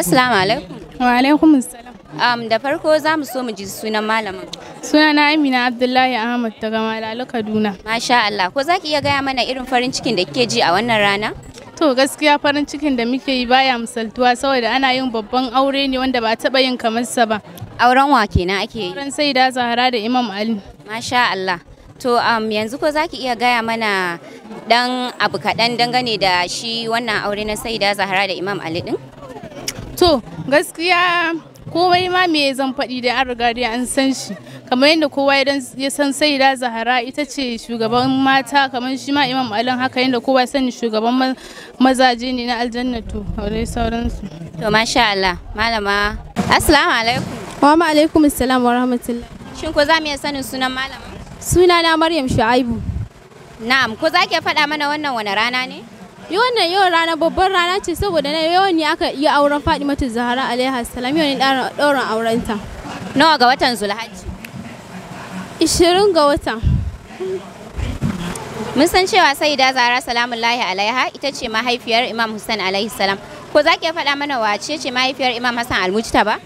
Assalamu alaikum. Wa alaikum assalam. da farko za mu so mu ji sunan malamin. na Amina Abdullahi Ahmad ta gama Malalu Kaduna. Masha Allah, ko za ki iya gaya mana irin farin cikin da kike ji a wannan rana? To gaskiya farin cikin da muke yi baya misaltuwa saboda ana yin babban aure ne wanda ba taɓa yin kamar sa ba. Auren wa kenan ake yi? Auren Saida Zahra da Imam Ali. Masha Allah. To um, yanzu ko za ki iya gaya mana dan abu kaɗan dangane da shi wannan aure na Saida Zahra da Imam Ali ɗin? to gaskiya komai ma me zan faɗi da an riga dai an san shi kamar yadda kowa ya san sai da zahara ita ce shugaban mata kamar shi ma imam alin haka yadda kowa sani shugaban mazaje ne na aljannatu da sauransu to masha Allah malama assalamu alaikum wa alaikum assalam wa rahmatullah shin ko za mu iya sanin sunan malama suna na maryam shu'aibu na'am ko za ke faɗa mana wannan wani rana ne wannan yau rana babban rana ce saboda na yau ne aka yi auren mata Zahra alaiha salam yau ne ɗaurin aurenta. Nawa ga watan Zulhaji? Ishirin ga watan. Mun san cewa zahara salamun lahi alaiha ita ce mahaifiyar Imam Hussein alaihi salam. Ko za ki faɗa mana wace ce mahaifiyar Imam Hassan Almujta ba?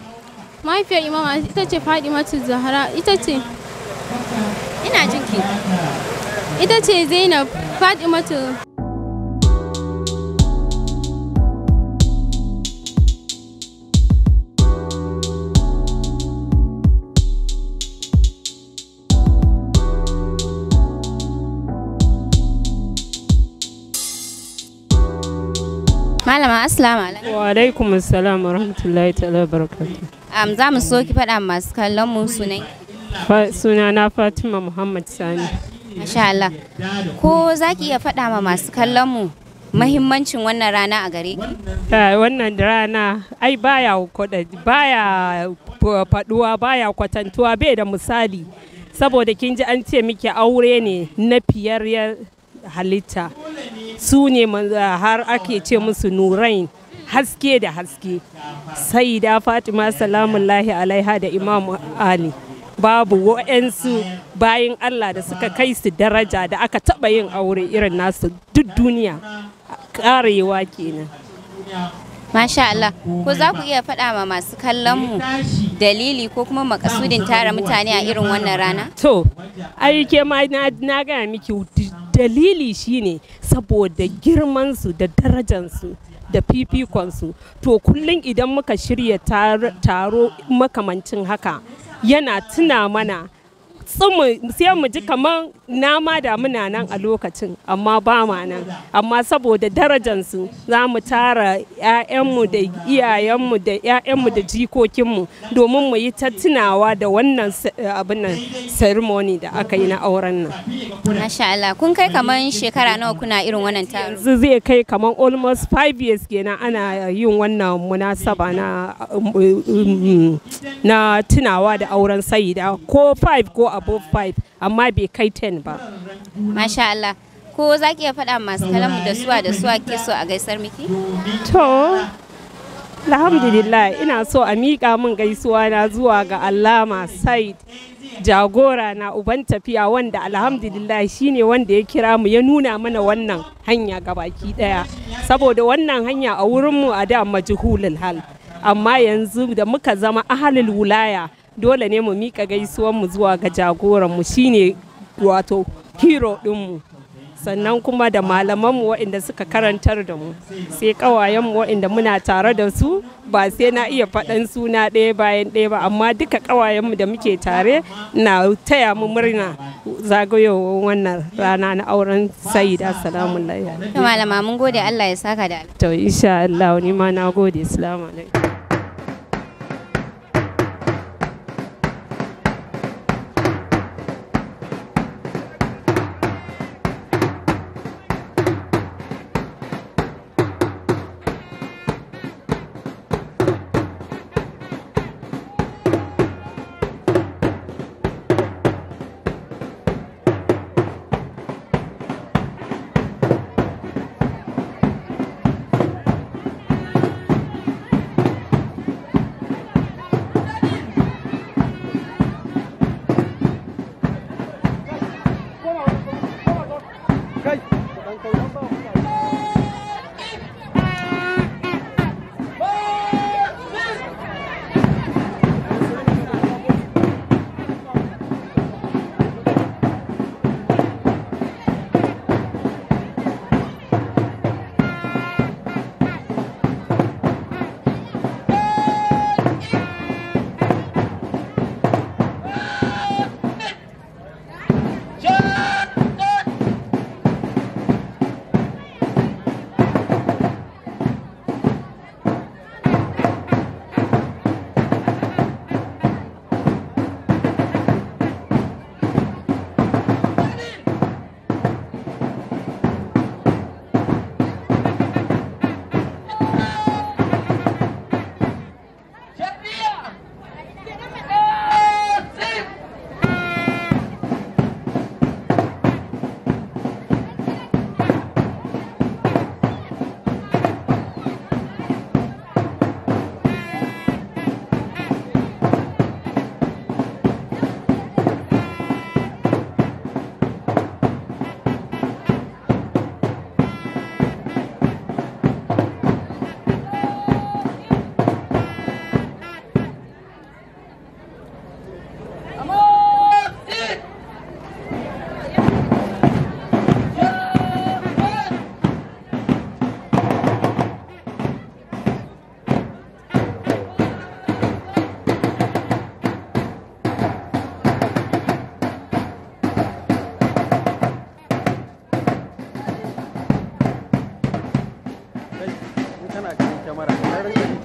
Mahaifiyar Imam ita ce Fatimatu zahara ita ce. Ina jinki. Ita ce Zainab Fatimatu Malama assalamu alaikum. Wa alaikum assalam wa rahmatullahi ta'ala barakatuh. Um, za mu so ki faɗa masu kallon mu sunan. Suna na Fatima Muhammad Sani. Masha Allah. Ko za ki iya faɗa ma masu kallon mu mahimmancin wannan rana a gare ki? Wannan rana ai baya baya faɗuwa baya kwatantuwa bai da misali. Saboda kin ji an ce miki aure ne na fiyar halitta su ne har ake ce musu nurain haske da haske sai da fatima salamullahi alaiha da imam ali babu wa'yansu bayan allah da suka kai su daraja da aka taba yin aure irin nasu duk duniya karewa kenan Masha Allah, ko za ku iya faɗa ma masu kallon mu dalili ko kuma makasudin tara mutane a irin wannan rana? To, ai ke ma na gaya miki dalili shine saboda girmansu da darajansu. da fifikonsu to kullum idan muka shirya taro makamancin haka yana tuna mana sai mu ji kamar nama da muna nan a lokacin amma ba ma nan amma saboda darajansu za mu tara 'ya'yanmu da iyayenmu da 'ya'yanmu da jikokinmu domin mu yi ta tunawa da wannan eh, abin nan ceremony da aka yi na auren nan masha Allah kun kai kamar shekara nawa kuna irin wannan taro yanzu zai kai kamar almost 5 years kenan ana yin wannan munasaba na um, um, na tunawa da auren sayida ko 5 ko above 5 amma bai kai 10 ba masha Allah ko za ki iya faɗa masu kalamu da suwa da suwa ke so a gaisar miki to alhamdulillah ina so a miƙa min gaisuwa na zuwa ga allama said jagora na uban tafiya wanda alhamdulillah shine wanda ya kira mu ya nuna mana wannan hanya ga baki daya saboda wannan hanya a wurinmu a da majhulul hal amma yanzu da muka zama ahalul wulaya dole ne mu mika gaisuwan mu zuwa ga jagoran mu shine wato hero din mu sannan kuma da malaman mu waɗanda suka karantar da mu sai mu waɗanda muna tare da su ba sai na iya faɗan suna ɗaya bayan ɗaya ba amma duka mu da muke tare na taya mu murna zagayowar wannan rana na auren da salamun layi. malama mun gode Allah ya saka da to insha Allah ni ma na gode salamun हमारा